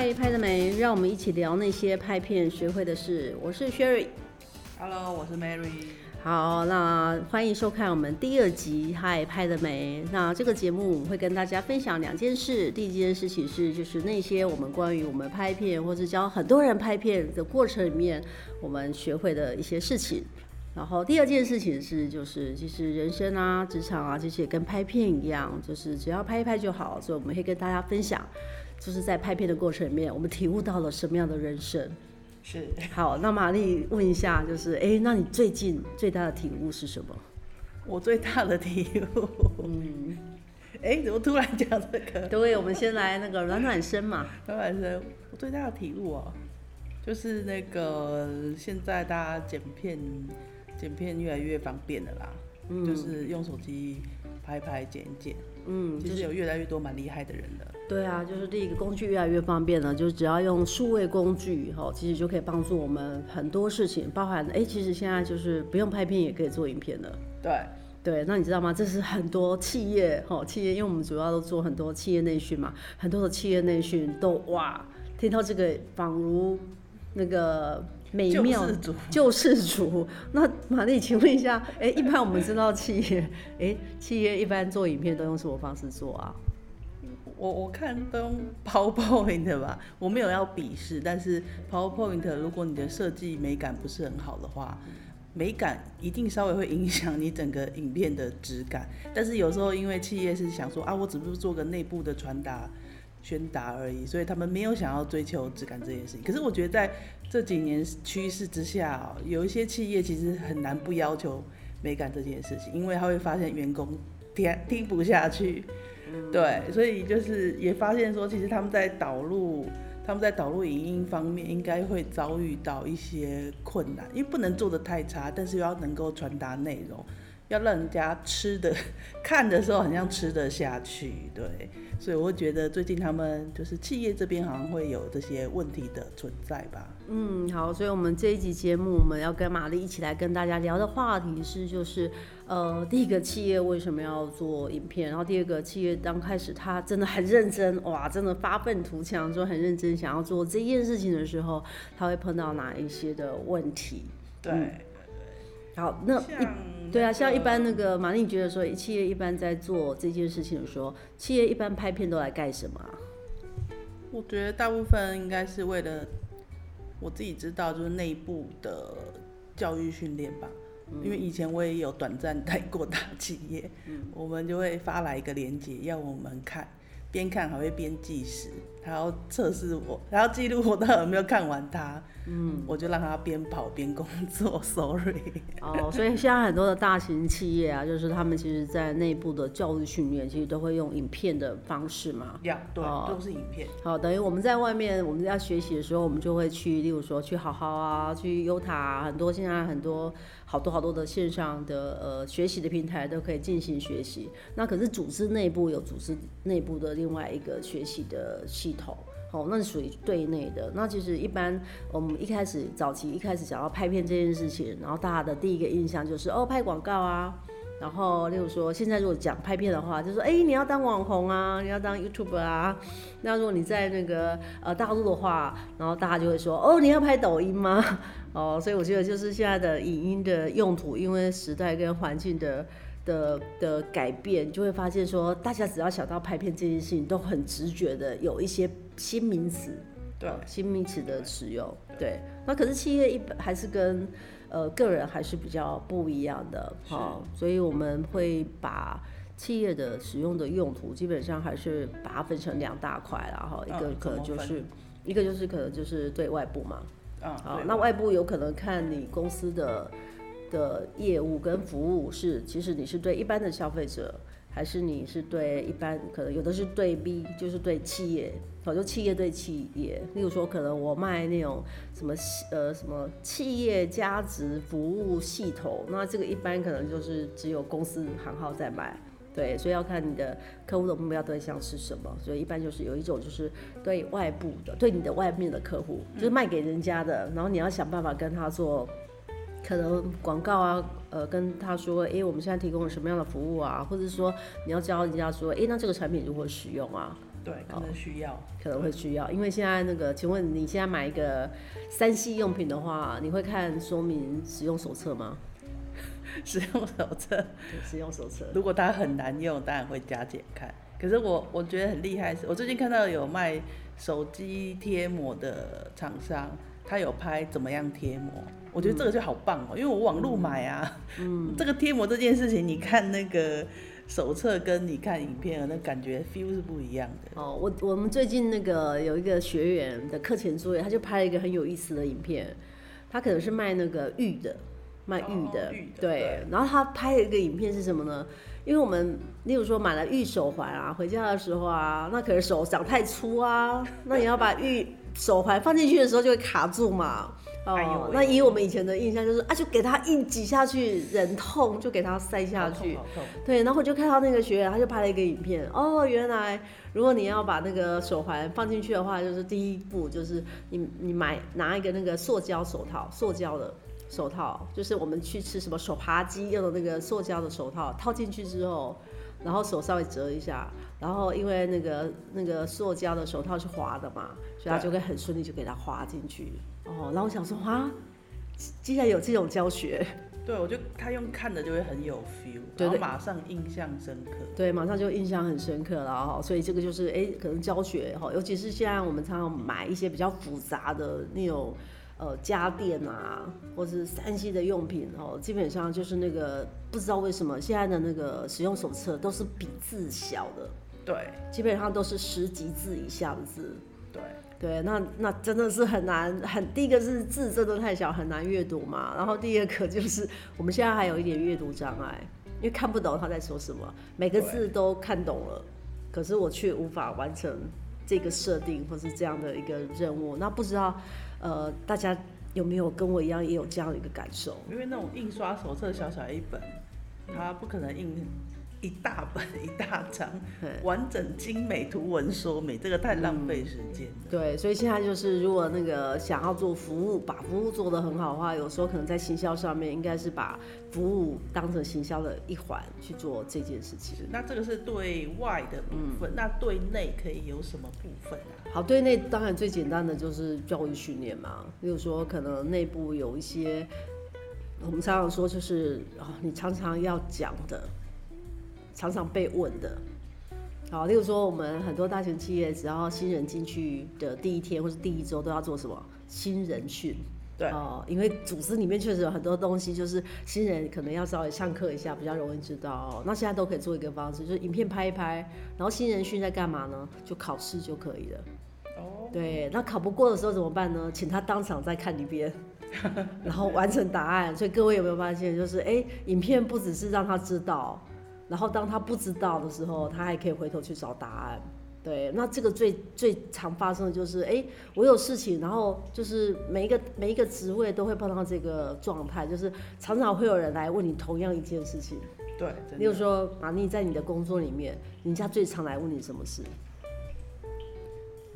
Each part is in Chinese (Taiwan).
嗨，拍，拍的美，讓我們一起聊那些拍片學會的事。我是 Sherry，Hello，我是 Mary。好，那歡迎收看我們第二集。嗨，拍的美。那這個節目我們會跟大家分享兩件事。第一件事情是，就是那些我們關於我們拍片或者教很多人拍片的過程裡面，我們學會的一些事情。然後第二件事情是，就是其實人生啊、職場啊這些跟拍片一樣，就是只要拍一拍就好。所以我們會跟大家分享。就是在拍片的過程裡面，我們體悟到了什麼樣的人生？是。好，那瑪麗問一下，就是哎、欸，那你最近最大的體悟是什麼？我最大的體悟，嗯，哎、欸，怎麼突然講這個？對，我們先來那個暖暖身嘛。暖暖身，我最大的體悟啊，就是那個現在大家剪片，剪片越來越方便了啦，嗯、就是用手機拍一拍剪一剪。嗯，就是其實有越來越多蠻厲害的人的。對啊，就是第一個工具越來越方便了，就是只要用數位工具哈，其實就可以幫助我們很多事情，包含哎、欸，其實現在就是不用拍片也可以做影片了。對對，那你知道嗎？這是很多企業哈，企業因為我們主要都做很多企業內訓嘛，很多的企業內訓都哇，聽到這個仿如那個。美妙救世主，世 那瑪麗，請問一下，哎、欸，一般我們知道企業，哎、欸，企業一般做影片都用什麼方式做啊？我我看都用 PowerPoint 吧，我沒有要鄙視，但是 PowerPoint，如果你的設計美感不是很好的話，美感一定稍微會影響你整個影片的質感。但是有時候因為企業是想說啊，我只不過是做個內部的傳達。宣達而已，所以他們沒有想要追求質感這件事情。可是我覺得在這幾年趨勢之下，有一些企業其實很難不要求美感這件事情，因為他會發現員工聽聽不下去。對，所以就是也發現說，其實他們在導入他們在導入影音方面應該會遭遇到一些困難，因為不能做得太差，但是又要能夠傳達內容。要讓人家吃的看的時候，好像吃得下去，對。所以我覺得最近他們就是企業這邊好像會有這些問題的存在吧。嗯，好。所以，我們這一集節目，我們要跟瑪麗一起來跟大家聊的話題是，就是呃，第一個企業為什麼要做影片，然後第二個企業剛開始他真的很認真，哇，真的發憤圖強，說很認真想要做這件事情的時候，他會碰到哪一些的問題？對。嗯好，那，那對啊，像一般那個馬麗你覺得說，企業一般在做這件事情的時候，企業一般拍片都來幹什麼啊？我覺得大部分應該是為了我自己知道，就是內部的教育訓練吧。嗯、因為以前我也有短暫待過大企業，嗯、我們就會發來一個鏈接要我們看。邊看還會邊計時，他要測試我，他要記錄我到底有沒有看完他。嗯，我就讓他邊跑邊工作，Sorry。哦，oh, 所以現在很多的大型企業啊，就是他們其實在內部的教育訓練，其實都會用影片的方式嘛。Yeah, 對，oh. 都是影片。好，oh, 等於我們在外面，我們要學習的時候，我們就會去，例如說去好好啊，去優塔、啊，很多現在很多。好多好多的線上的呃學習的平台都可以進行學習，那可是組織內部有組織內部的另外一個學習的系統，哦，那是屬於對內的。那其實一般我們一開始早期一開始想要拍片這件事情，然後大家的第一個印象就是哦，拍廣告啊。然後，例如說，現在如果講拍片的話，就說，哎，你要當網紅啊，你要當 YouTuber 啊。那如果你在那個呃大陸的話，然後大家就會說，哦，你要拍抖音嗎？哦，所以我覺得就是現在的影音的用途，因為時代跟環境的的的改變，就會發現說，大家只要想到拍片這件事情，都很直覺的有一些新名詞，對，新名詞的使用，對。那可是企業一般還是跟。呃，個人還是比較不一樣的哈，哦、是所以我們會把企業的使用的用途，基本上還是把它分成兩大塊了哈，一個可能就是，啊、一個就是可能就是對外部嘛，啊，好嗯、那外部有可能看你公司的的業務跟服務是，其實你是對一般的消費者。還是你是對一般，可能有的是對 B，就是對企業，或者企業對企業。例如說，可能我賣那種什麼呃什麼企業價值服務系統，那這個一般可能就是只有公司行號在買，對，所以要看你的客戶的目標對象是什麼。所以一般就是有一種就是對外部的，對你的外面的客戶，就是賣給人家的，然後你要想辦法跟他做。可能廣告啊，呃，跟他說，哎、欸，我們現在提供了什麼樣的服務啊？或者說，你要教人家說，哎、欸，那這個產品如何使用啊？對，可能需要，哦、對可能會需要，因為現在那個，請問你現在買一個三 C 用品的話，你會看說明使用手冊嗎？使用手冊？使用手冊，使用手冊。如果它很難用，當然會加減看。可是我我覺得很厲害，我最近看到有賣手機貼膜的廠商，他有拍怎麼樣貼膜。我覺得這個就好棒哦、喔，嗯、因為我網路買啊，嗯，嗯，這個貼膜這件事情，你看那個手冊跟你看影片啊，那感覺 feel 是不一樣的。哦，我我們最近那個有一個學員的課前作業，他就拍了一個很有意思的影片。他可能是賣那個玉的，賣玉的，哦、玉的對。對然後他拍了一個影片是什麼呢？因為我們例如說買了玉手環啊，回家的時候啊，那可能手長太粗啊，那你要把玉手環放進去的時候就會卡住嘛。 哦，那以我們以前的印象就是啊，就給它硬擠下去，忍痛就給它塞下去。好痛好痛。對，然後我就看到那個學員，他就拍了一個影片。哦，原來如果你要把那個手環放進去的話，就是第一步就是你你買拿一個那個塑膠手套，塑膠的手套，就是我們去吃什麼手扒雞用的那個塑膠的手套，套進去之後，然後手稍微折一下，然後因為那個那個塑膠的手套是滑的嘛，所以它就會很順利就給它滑進去。哦，然後我想說，哇，接下來有這種教學，對我就，他用看的就會很有 feel，對，對，我馬上印象深刻，對，馬上就印象很深刻了，然、哦、後所以這個就是，哎，可能教學哈、哦，尤其是現在我們常常買一些比較複雜的那種、呃、家電啊，或是 3C 的用品哦，基本上就是那個不知道為什麼現在的那個使用手冊都是比字小的，對，基本上都是十幾字以下的字，對。對對，那那真的是很難，很，第一個是字真的太小，很難閱讀嘛。然後第二個就是我們現在還有一點閱讀障礙，因為看不懂他在說什麼。每個字都看懂了，對可是我卻無法完成這個設定或是這樣的一個任務。那不知道呃大家有沒有跟我一樣也有這樣的一個感受？因為那種印刷手冊小小一本，它不可能印。一大本一大張，完整精美圖文說明這個太浪費時間了，嗯，對，所以現在就是，如果那個想要做服務，把服務做得很好的話，有時候可能在行銷上面，應該是把服務當成行銷的一環去做這件事情。那這個是對外的部分，嗯，那對內可以有什麼部分啊？好，對內當然最簡單的就是教育訓練嘛，例如說可能內部有一些，我們常常說就是哦，你常常要講的。常常被問的，好，例如說我們很多大型企業，只要新人進去的第一天或者第一周都要做什麼新人訓，對，哦，因為組織裡面確實有很多東西，就是新人可能要稍微上課一下，比較容易知道。那現在都可以做一個方式，就是影片拍一拍，然後新人訓在幹嘛呢？就考試就可以了。哦，oh. 對，那考不過的時候怎麼辦呢？請他當場再看一遍，然後完成答案。 對所以各位有沒有發現，就是哎、欸，影片不只是讓他知道。然後當他不知道的時候，他還可以回頭去找答案。對，那這個最最常發生的就是，哎，我有事情，然後就是每一個每一個職位都會碰到這個狀態，就是常常會有人來問你同樣一件事情。對，真的。例如說瑪麗在你的工作裡面，人家最常來問你什麼事？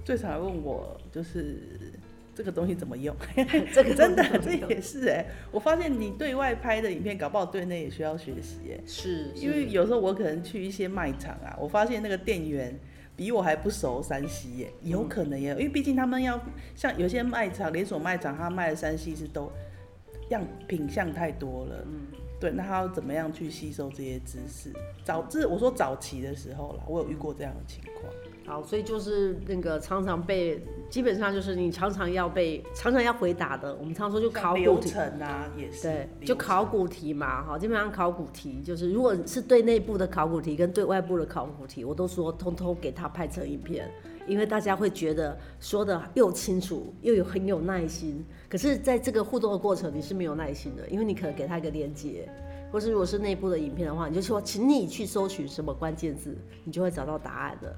最常來問我就是。這個東西怎麼用？這 個真的這，這也是哎、欸，我發現你對外拍的影片，搞不好對內也需要學習哎、欸。是，因為有時候我可能去一些賣場啊，我發現那個店員比我還不熟 3C 耶，有可能耶，嗯、因為畢竟他們要像有些賣場連鎖賣場，他賣的 3C 是都樣品項，太多了。嗯，對，那他要怎麼樣去吸收這些知識？早這、就是、我說早期的時候啦，我有遇過這樣的情況。好，所以就是那個常常被，基本上就是你常常要被常常要回答的，我們常常說就考古題啊，也是，對，就考古題嘛，哈，基本上考古題就是如果是對內部的考古題跟對外部的考古題，我都說通通給他拍成影片，因為大家會覺得說的又清楚又有很有耐心，可是在這個互動的過程你是沒有耐心的，因為你可能給他一個連結，或是如果是內部的影片的話，你就說請你去搜取什麼關鍵字，你就會找到答案的。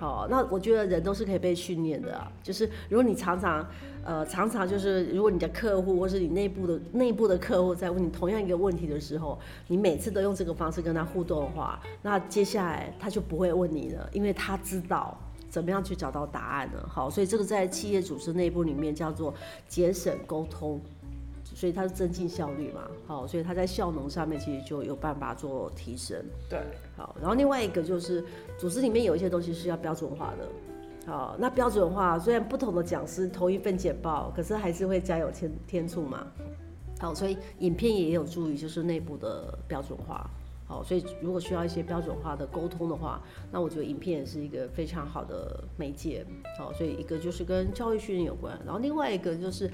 好，那我覺得人都是可以被訓練的啊，就是如果你常常，呃，常常就是如果你的客戶或是你內部的內部的客戶在問你同樣一個問題的時候，你每次都用這個方式跟他互動的話，那接下來他就不會問你了，因為他知道怎麼樣去找到答案了。好，所以這個在企業組織內部裡面叫做節省溝通，所以它是增進效率嘛。好，所以他在效能上面其實就有辦法做提升。對。然後另外一個就是組織裡面有一些東西是要標準化的，好，那標準化雖然不同的講師投一份簡報，可是還是會加油添添醋嘛，好，所以影片也有助於就是內部的標準化，好，所以如果需要一些標準化的溝通的話，那我覺得影片也是一個非常好的媒介，好，所以一個就是跟教育訓練有關，然後另外一個就是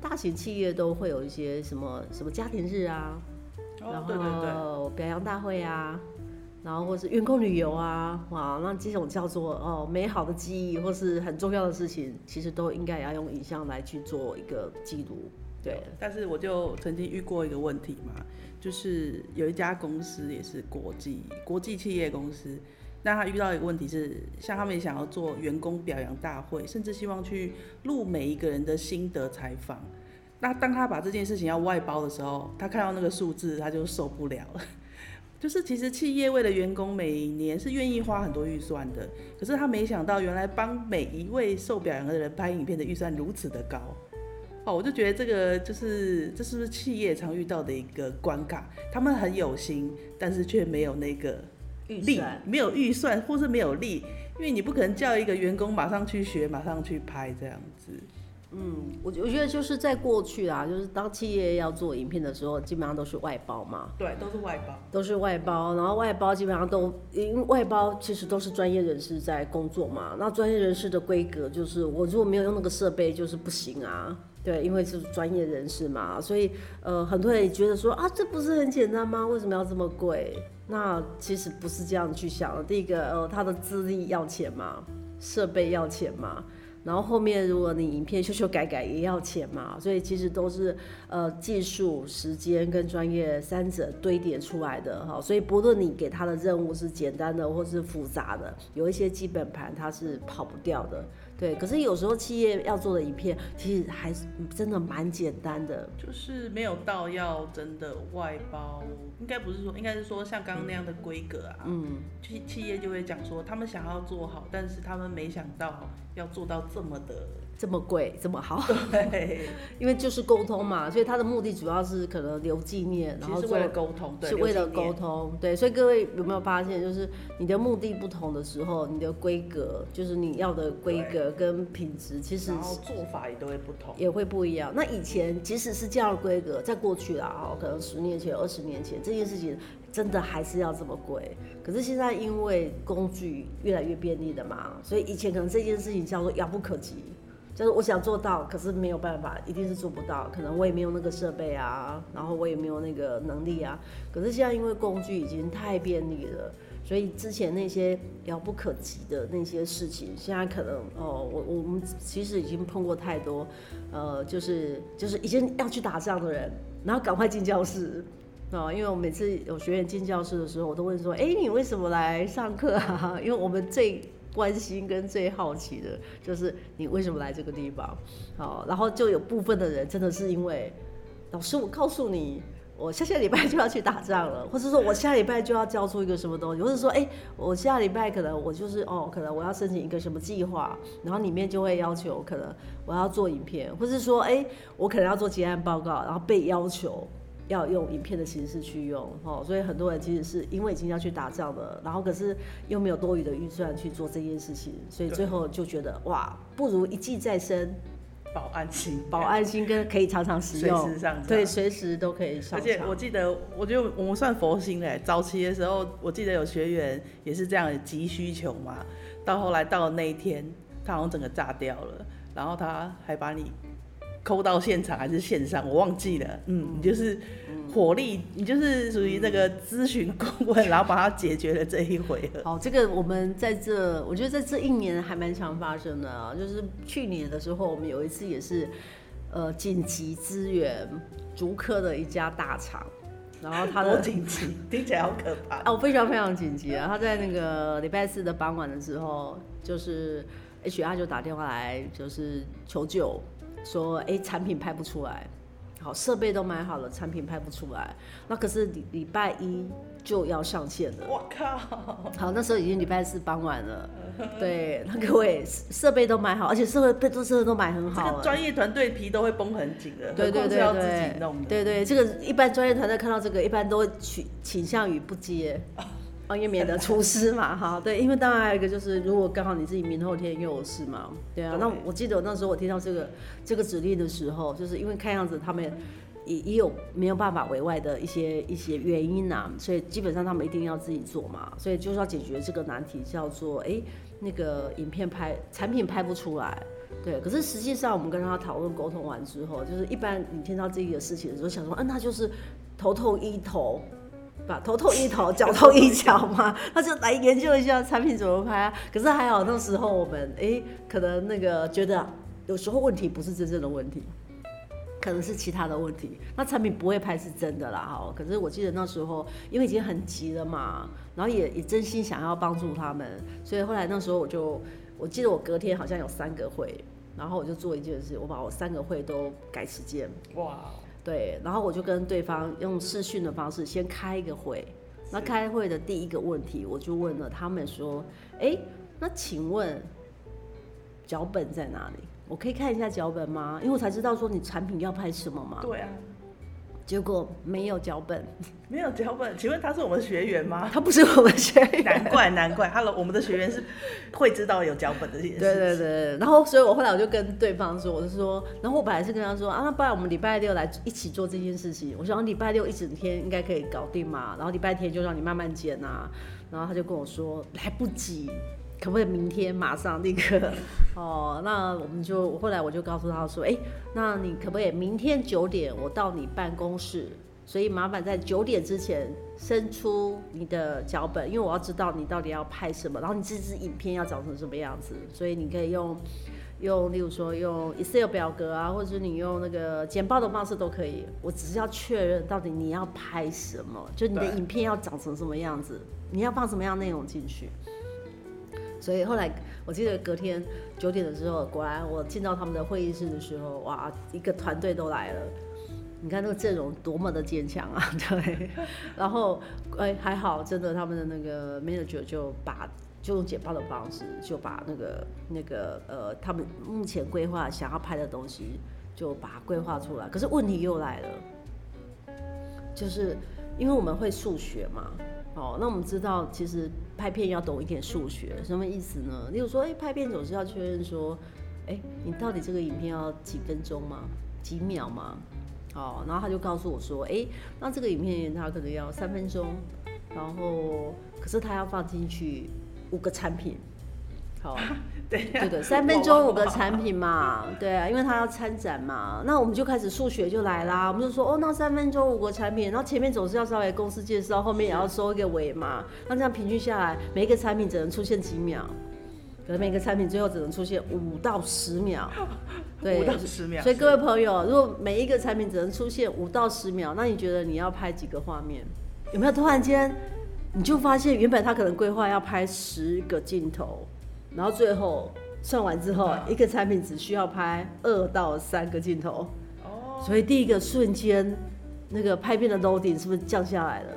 大型企業都會有一些什麼什麼家庭日啊，哦、然後對對對表揚大會啊。然後或是員工旅遊啊，哇，那這種叫做哦美好的記憶或是很重要的事情，其實都應該要用影像來去做一個記錄。對，但是我就曾經遇過一個問題嘛，就是有一家公司也是國際國際企業公司，那他遇到一個問題是，像他們也想要做員工表揚大會，甚至希望去錄每一個人的心得採訪。那當他把這件事情要外包的時候，他看到那個數字，他就受不了了。就是其實企業為了員工每年是願意花很多預算的，可是他沒想到原來幫每一位受表揚的人拍影片的預算如此的高哦，我就覺得這個就是這是不是企業常遇到的一個關卡？他們很有心，但是卻沒有那個力，預算，沒有預算或是沒有力，因為你不可能叫一個員工馬上去學，馬上去拍這樣子。嗯，我我覺得就是在過去啊，就是當企業要做影片的時候，基本上都是外包嘛。對，都是外包，都是外包。然後外包基本上都，因外包其實都是專業人士在工作嘛。那專業人士的規格就是，我如果沒有用那個設備，就是不行啊。對，因為是專業人士嘛，所以呃，很多人覺得說啊，這不是很簡單嗎？為什麼要這麼貴？那其實不是這樣去想的。第一個，呃，他的資歷要錢嘛？設備要錢嘛？然後後面如果你影片修修改改也要錢嘛，所以其實都是呃技術、時間跟專業三者堆疊出來的哈，所以不論你給他的任務是簡單的或是複雜的，有一些基本盤他是跑不掉的。對，可是有時候企業要做的影片，其實還是真的蠻簡單的，就是沒有到要真的外包，應該不是說，應該是說像剛剛那樣的規格啊，嗯，就是企業就會講說他們想要做好，但是他們沒想到要做到這麼的。這麼貴，這麼好，對 因為就是溝通嘛，所以他的目的主要是可能留紀念，然後是為了溝通，是為了溝通，對，溝通對。所以各位有沒有發現，就是你的目的不同的時候，你的規格，就是你要的規格跟品質，對其實然後，做法也都會不同，也會不一樣。那以前即使是這樣的規格，在過去了啊、喔，可能十年前、二十年前，這件事情真的還是要這麼貴。可是現在因為工具越來越便利了嘛，所以以前可能這件事情叫做遙不可及。就是我想做到，可是沒有辦法，一定是做不到。可能我也沒有那個設備啊，然後我也沒有那個能力啊。可是現在因為工具已經太便利了，所以之前那些遙不可及的那些事情，現在可能哦，我我們其實已經碰過太多。呃，就是就是已經要去打仗的人，然後趕快進教室啊，哦。因為我每次有學員進教室的時候，我都問說：哎，你為什麼來上課啊？因為我們最。關心跟最好奇的就是你為什麼來這個地方？好，然後就有部分的人真的是因為，老師，我告訴你，我下下禮拜就要去打仗了，或者說我下禮拜就要交出一個什麼東西，或者說，誒，我下禮拜可能我就是哦、喔，可能我要申請一個什麼計劃，然後裡面就會要求可能我要做影片，或者是說，誒，我可能要做結案報告，然後被要求。要用影片的形式去用，哦，所以很多人其實是因為已經要去打仗了，然後可是又沒有多餘的預算去做這件事情，所以最後就覺得哇，不如一技在身，保安心，保安心跟可以常常使用，隨時上，對，隨時都可以上。而且我記得，我覺得我們算佛心哎、欸，早期的時候我記得有學員也是這樣急需求嘛，到後來到了那一天，他好像整個炸掉了，然後他還把你。摳到現場還是線上，我忘記了。嗯，嗯，你就是火力，嗯、你就是屬於那個諮詢顧問，嗯、然後把它解決了這一回合。好，這個我們在這，我覺得在這一年還蠻常發生的啊。就是去年的時候，我們有一次也是，呃，緊急支援竹科的一家大廠，然後他的緊急聽起來好可怕哦、 啊，我非常非常緊急啊！他在那個禮拜四的傍晚的時候，就是 HR 就打電話來，就是求救。說哎，產品拍不出來，好設備都買好了，產品拍不出來，那可是禮禮拜一就要上線了。我靠！好，那時候已經禮拜四傍晚了。對，那各位設備都買好，而且設備、制作設備都買很好了。這個專業團隊皮都會繃很緊的，對對對，對要自己弄對，對對，這個一般專業團隊看到這個，一般都會傾，傾向於不接。哦、嗯，也免得出師嘛，哈， 對，因為當然還有一個就是，如果剛好你自己明後天又有事嘛，對啊。Okay. 那我記得我那時候我聽到這個這個指令的時候，就是因為看樣子他們也也有沒有辦法委外的一些一些原因啊，所以基本上他們一定要自己做嘛，所以就是要解決這個難題，叫做哎、欸、那個影片拍產品拍不出來，對。可是實際上我們跟他討論溝通完之後，就是一般你聽到這個事情的時候，想說，嗯、啊，那就是頭頭一頭。把頭痛一頭，腳頭一腳，腳痛一腳嘛，他就來研究一下產品怎麼拍啊。可是還好那時候我們誒、欸，可能那個覺得有時候問題不是真正的問題，可能是其他的問題。那產品不會拍是真的啦哈。可是我記得那時候因為已經很急了嘛，然後也也真心想要幫助他們，所以後來那時候我就我記得我隔天好像有三個會，然後我就做一件事，我把我三個會都改時間。哇。對，然後我就跟對方用視訊的方式先開一個會。是那開會的第一個問題，我就問了他們說：“哎，那請問腳本在哪裡？我可以看一下腳本嗎？因為我才知道說你產品要拍什麼嘛。”對啊。結果沒有腳本，沒有腳本。請問他是我們學員嗎？他不是我們學員，難怪難怪。難怪 Hello，我們的學員是會知道有腳本的這些事情。對，對對對，然後所以我後來我就跟對方說，我就說，然後我本來是跟他說啊，那不然我們禮拜六來一起做這件事情，我想禮拜六一整天應該可以搞定嘛，然後禮拜天就讓你慢慢剪啊。然後他就跟我說來不及。可不可以明天馬上那個哦？那我們就後來我就告訴他說：“哎，那你可不可以明天九點我到你辦公室？所以麻煩在九點之前，伸出你的腳本，因為我要知道你到底要拍什麼，然後你這支影片要長成什麼樣子。所以你可以用用，例如說用 Excel 表格啊，或者是你用那個簡報的方式都可以。我只是要確認到底你要拍什麼，就你的影片要長成什麼樣子，啊、你要放什麼樣的內容進去。”所以後來，我記得隔天九點的時候，果然我進到他們的會議室的時候，哇，一個團隊都來了。你看那個陣容多麼的堅強啊，對。然後，哎、欸，還好，真的他們的那個 manager 就把，就用簡報的方式就把那個那個呃，他們目前規劃想要拍的東西，就把它規劃出來。可是問題又來了，就是因為我們會數學嘛。哦，那我們知道，其實拍片要懂一點數學，什麼意思呢？例如說，哎、欸，拍片總是要確認說，哎、欸，你到底這個影片要幾分鐘嗎？幾秒嗎？哦，然後他就告訴我說，哎、欸，那這個影片它可能要三分鐘，然後可是它要放進去五個產品。對、啊、對對，三分鐘五個產品嘛，對啊，因為他要參展嘛，那我們就開始數學就來啦，我們就說哦，那三分鐘五個產品，然後前面總是要稍微公司介紹，後面也要收一個尾嘛，那這樣平均下來，每一個產品只能出現幾秒，可能每個產品最後只能出現五到十秒，對，五到十秒。所以各位朋友，如果每一個產品只能出現五到十秒，那你覺得你要拍幾個畫面？有沒有突然間你就發現，原本他可能規劃要拍十個鏡頭？然後最後算完之後，一個產品只需要拍二到三個鏡頭，哦，所以第一個瞬間，那個拍片的 loading 是不是降下來了？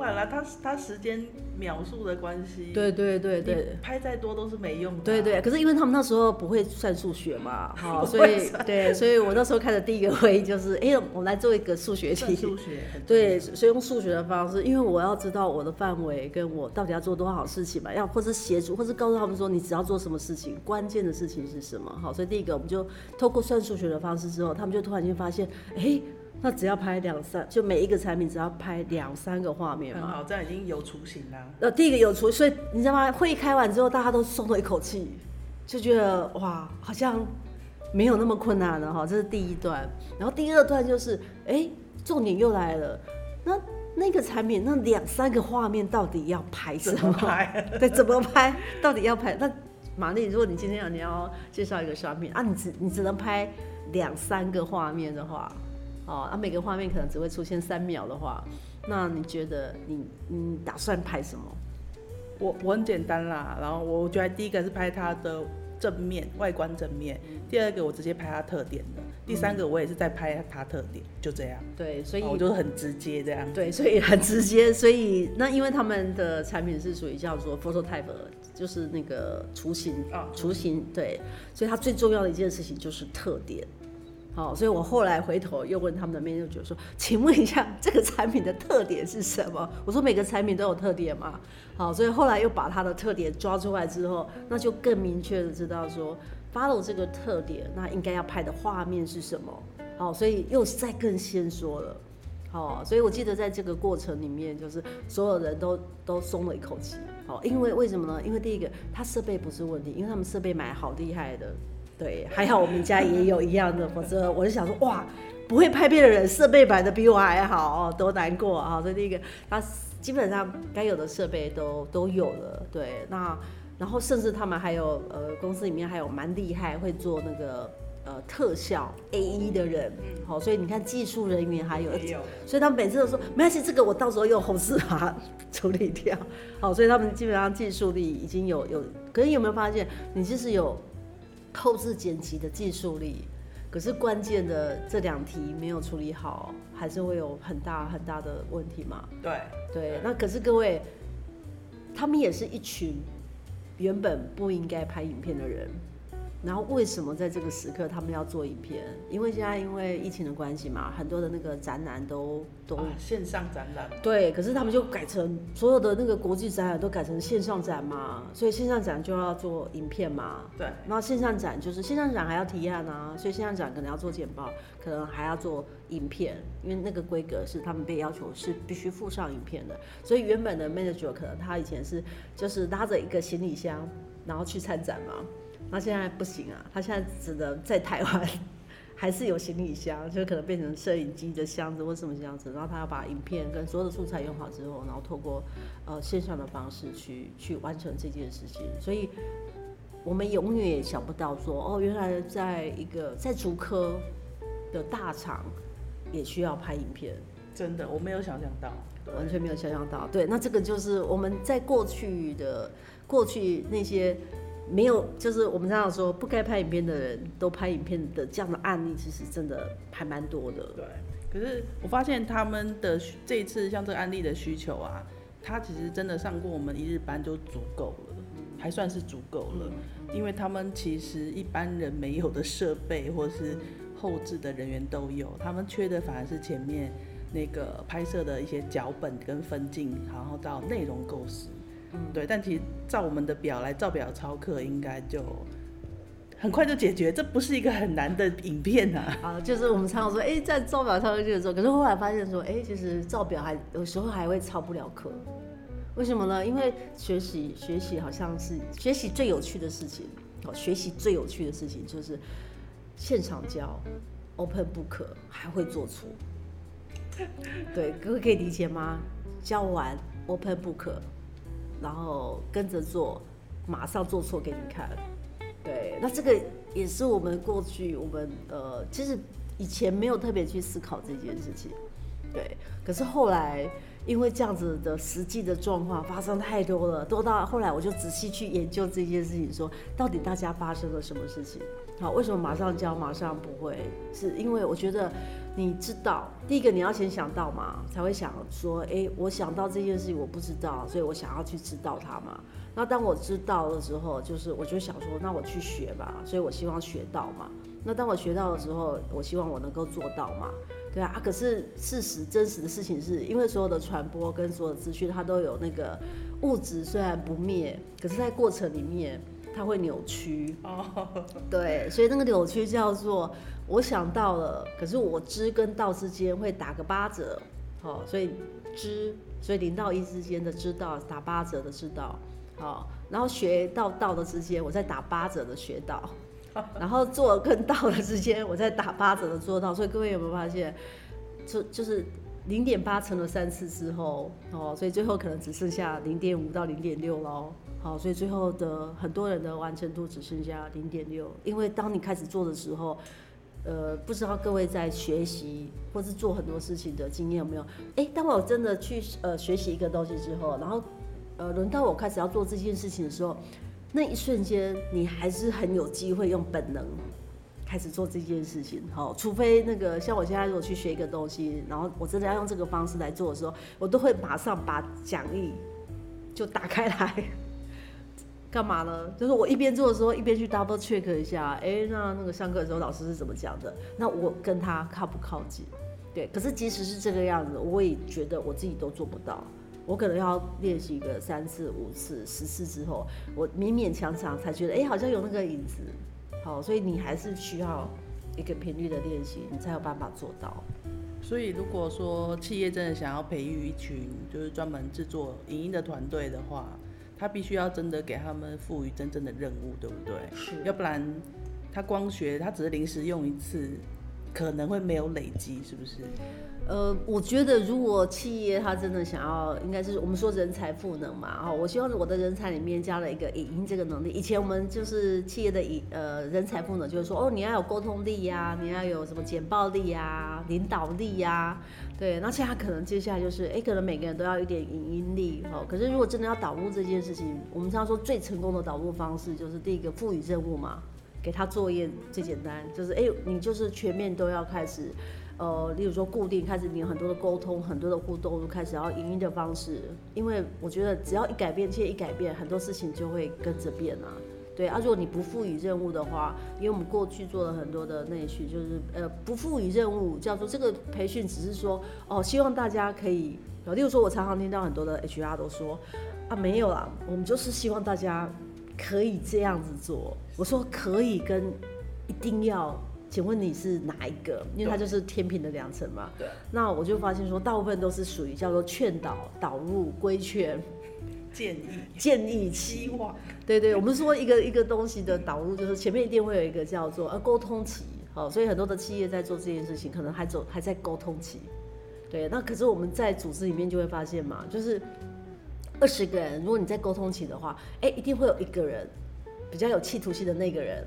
不管了，他他時間描述的關係，對對對對，拍再多都是沒用的。對對，可是因為他們那時候不會算數學嘛，好、 哦，所以對，所以我那時候開的第一個會議就是，哎，我們來做一個數學題。數學。對，所以用數學的方式，因為我要知道我的範圍跟我到底要做多少事情嘛，要或是協助，或是告訴他們說你只要做什麼事情，關鍵的事情是什麼？好、哦，所以第一個我們就透過算數學的方式之後，他們就突然間發現，哎。那只要拍兩三，就每一個產品只要拍兩三個畫面嘛。很好，這樣已經有雛形了。呃，第一個有雛，所以你知道嗎？會議開完之後，大家都鬆了一口氣，就覺得哇，好像沒有那麼困難了。哈。這是第一段，然後第二段就是，哎、欸，重點又來了，那那個產品那兩三個畫面到底要拍什麼？怎麼拍？ 對，怎麼拍？到底要拍？那瑪麗，如果你今天要你要介紹一個商品啊，你只你只能拍兩三個畫面的話。哦，那、啊、每個畫面可能只會出現三秒的話，那你覺得你你打算拍什麼？我我很簡單啦，然後我覺得第一個是拍它的正面外觀正面，嗯、第二個我直接拍它特點的，第三個我也是在拍它特點，嗯、就這樣。對，所以我就很直接這樣。對，所以很直接，所以那因為他們的產品是屬於叫做 prototype，就是那個雛形、啊、雛形，對，所以它最重要的一件事情就是特點。好，所以我後來回頭又問他們的面，就覺得說，請問一下這個產品的特點是什麼？我說每個產品都有特點嘛。好，所以後來又把它的特點抓出來之後，那就更明確的知道說，follow 這個特點，那應該要拍的畫面是什麼？好，所以又再更先說了。好，所以我記得在這個過程裡面，就是所有人都都鬆了一口氣。好，因為為什麼呢？因為第一個，它設備不是問題，因為他們設備買好厲害的。對，還好我們家也有一樣的， 否則我就想說哇，不會拍片的人設備擺的比我還好哦，多難過啊、哦！所以那個他基本上該有的設備都都有了，對，那然後甚至他們還有呃，公司裡面還有蠻厲害會做那個呃特效 A E 的人，好、哦，所以你看技術人員還有，有，所以他們每次都說沒關係，這個我到時候用後製處理掉，好、哦，所以他們基本上技術力已經有有，可是你有沒有發現你其實有。扣字剪輯的技術力，可是關鍵的這兩題沒有處理好，還是會有很大很大的問題嘛？對對，對對，那可是各位，他們也是一群原本不應該拍影片的人。然後為什麼在這個時刻他們要做影片？因為現在因為疫情的關係嘛，很多的那個展覽都都、啊、線上展覽。對，可是他們就改成所有的那個國際展覽都改成線上展嘛，所以線上展就要做影片嘛。對。然後線上展就是線上展還要提案啊，所以線上展可能要做簡報，可能還要做影片，因為那個規格是他們被要求是必須附上影片的。所以原本的 Manager 可能他以前是就是拉着一個行李箱，然後去參展嘛。他現在不行啊，他現在只能在台灣，還是有行李箱，就可能變成攝影機的箱子或什麼箱子。然後他要把影片跟所有的素材用好之後，然後透過呃線上的方式去去完成這件事情。所以，我們永遠也想不到說哦，原來在一個在竹科的大廠也需要拍影片，真的，我沒有想象到，完全沒有想象到。對，那這個就是我們在過去的過去那些。沒有，就是我們常常說不該拍影片的人都拍影片的這樣的案例，其實真的還蠻多的。對，可是我發現他們的這一次像這個案例的需求啊，他其實真的上過我們一日班就足夠了，嗯、還算是足夠了。嗯、因為他們其實一般人沒有的設備或者是後置的人員都有，他們缺的反而是前面那個拍攝的一些腳本跟分鏡，然後到內容構思。嗯、對，但其實照我們的表來照表操課，應該就很快就解決。這不是一個很難的影片吶、啊。啊，就是我們常常說，哎，在照表操課就做，可是後來發現說，哎，其、就、實、是、照表還有時候還會操不了課，為什麼呢？因為學習學習好像是學習最有趣的事情哦，學習最有趣的事情就是現場教，Open Book，還會做錯。對，各位可以理解嗎？教完 Open Book。然後跟着做，馬上做錯給你看。對，那這個也是我們過去我們呃，其實以前沒有特別去思考這件事情。對，可是後來因為這樣子的實際的狀況發生太多了，多到後來我就仔細去研究這件事情說，說到底大家發生了什麼事情。好，為什麼馬上教馬上不會？是因為我覺得，你知道，第一個你要先想到嘛，才會想說，哎、欸，我想到這件事情，我不知道，所以我想要去知道它嘛。那當我知道的時候，就是我就想說，那我去學嘛，所以我希望學到嘛。那當我學到的時候，我希望我能夠做到嘛。對啊，可是事實真實的事情是因為所有的傳播跟所有的資訊，它都有那個物質雖然不滅，可是在過程裡面。它會扭曲哦，對，所以那個扭曲叫做，我想到了，可是我知跟道之間會打個八折，哦，所以知，所以零到一之間的知道打八折的知道，好，然後學到道的之間，我再打八折的學到，然後做跟道的之間，我再打八折的做到，所以各位有沒有發現，就就是零點八乘了三次之後，哦，所以最後可能只剩下零點五到零點六咯。好，所以最後的很多人的完成度只剩下零點六。因為當你開始做的時候，呃，不知道各位在學習或是做很多事情的經驗有沒有？哎、欸，當我真的去呃學習一個東西之後，然後呃輪到我開始要做這件事情的時候，那一瞬間你還是很有機會用本能開始做這件事情。好，除非那個像我現在如果去學一個東西，然後我真的要用這個方式來做的時候，我都會馬上把講義就打開來。幹嘛呢？就是我一邊做的時候，一邊去 double check 一下，哎，那那個上課的時候老師是怎麼講的？那我跟他靠不靠近？對，可是即使是這個樣子，我也覺得我自己都做不到。我可能要練習一個三次、五次、十次之後，我勉勉強強才覺得，哎，好像有那個影子。好，所以你還是需要一個頻率的練習，你才有辦法做到。所以如果說企業真的想要培育一群就是專門制作影音的團隊的話，他必須要真的給他們賦予真正的任務，對不對？是，要不然他光學，他只是臨時用一次，可能會沒有累積，是不是？呃，我覺得如果企業他真的想要，應該是我們說人才賦能嘛，哦，我希望我的人才裡面加了一個影音這個能力。以前我們就是企業的影呃人才賦能，就是說哦，你要有溝通力呀，啊，你要有什麼簡報力呀，啊，領導力呀，啊，對。那現在可能接下來就是，哎，可能每個人都要一點影音力哦。可是如果真的要導入這件事情，我們常說最成功的導入方式就是第一個賦予任務嘛，給他作業最簡單就是，哎，你就是全面都要開始。呃，例如說固定開始，你有很多的溝通、很多的互動就開始，要營運的方式，因為我覺得只要一改變，其實一改變很多事情就會跟着變啊。對啊，如果你不賦予任務的話，因為我們過去做了很多的內訓，就是呃不賦予任務，叫做這個培訓只是說哦、呃，希望大家可以，例如說，我常常聽到很多的 HR 都說啊沒有啦，我們就是希望大家可以這樣子做。我說可以跟一定要。請問你是哪一個？因為它就是天平的兩層嘛。對那我就發現說，大部分都是屬於叫做勸導、導入、規勸、建議、建議、期望。對對，我們說一個一個東西的導入，就是前面一定會有一個叫做呃溝通期。好，所以很多的企業在做這件事情，可能還走還在溝通期。對。那可是我們在組織裡面就會發現嘛，就是二十個人，如果你在溝通期的話，哎，一定會有一個人比較有企圖性的那個人。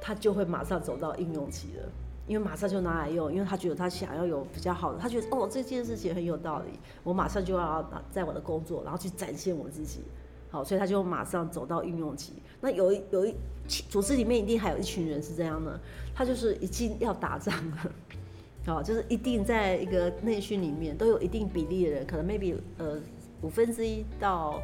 他就會馬上走到應用期了，因為馬上就拿來用，因為他覺得他想要有比較好的，他覺得哦這件事情很有道理，我馬上就要在我的工作，然後去展現我自己，好，所以他就馬上走到應用期。那有一有一組織裡面一定還有一群人是這樣呢，他就是已經要打仗了，哦，就是一定在一個內訓裡面都有一定比例的人，可能 maybe 呃五分之一到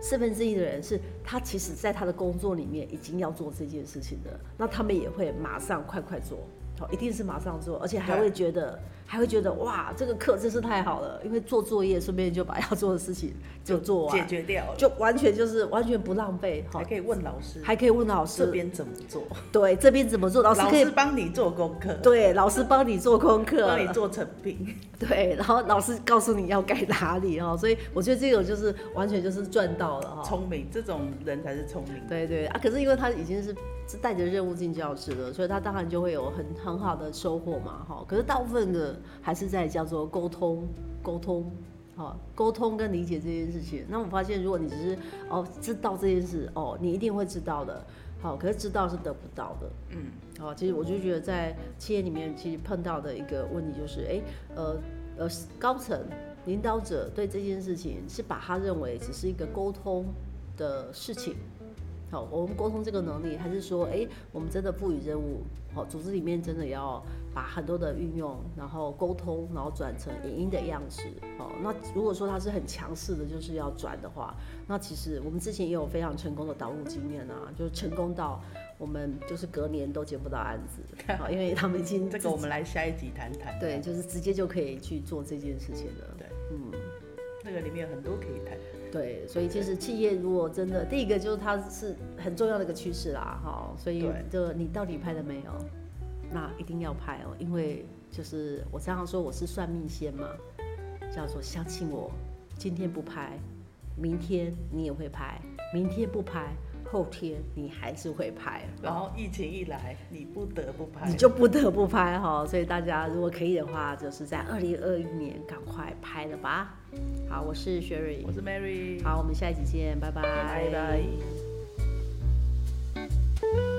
四分之一的人是他其實在他的工作裡面已經要做這件事情的，那他們也會馬上快快做，好，一定是馬上做，而且還會覺得還會覺得哇，這個課真是太好了，因為做作業順便就把要做的事情就做完，解決掉，就完全就是完全不浪費哈。還可以問老師，還可以問老師這邊怎麼做？對，這邊怎麼做？老師可以幫你做功課，對，老師幫你做功課，幫你做成品，對，然後老師告訴你要改哪裡哈。所以我覺得這種就是完全就是賺到了哈。聰明，這種人才是聰明。對對對，啊，可是因為他已經是帶着任務進教室了，所以他當然就會有很很好的收穫嘛哈。可是大部分的。還是在叫做溝通、溝通，好，溝通跟理解這件事情。那我發現，如果你只是哦知道這件事，哦，你一定會知道的，好，可是知道是得不到做不到的，嗯，好，其實我就覺得在企業裡面，其實碰到的一個問題就是，誒，呃呃，高層領導者對這件事情是把他認為只是一個溝通的事情，好，我們溝通這個能力，還是說，誒，我們真的賦予任務，好，組織裡面真的要。把很多的運用，然後溝通，然後轉成影音的樣子。哦，那如果說他是很強勢的，就是要轉的話，那其實我們之前也有非常成功的導入經驗啊，就是成功到我們就是隔年都接不到案子。好，因為他們已經這個，我們來下一集談談。對，就是直接就可以去做這件事情了。對，嗯，那個裡面有很多可以談。對，所以其實企業如果真的第一個就是它是很重要的一個趨勢啦。哈，所以就你到底拍了沒有？那一定要拍哦，因為就是我常常說，我是算命仙嘛，叫做相信我，今天不拍，明天你也會拍，明天不拍，後天你還是會拍，然後、哦哦、疫情一來，你不得不拍，你就不得不拍哈、哦。所以大家如果可以的話，就是在二零二一年趕快拍了吧。好，我是 Shary，我是 Mary，好，我們下一集見，拜拜，拜拜。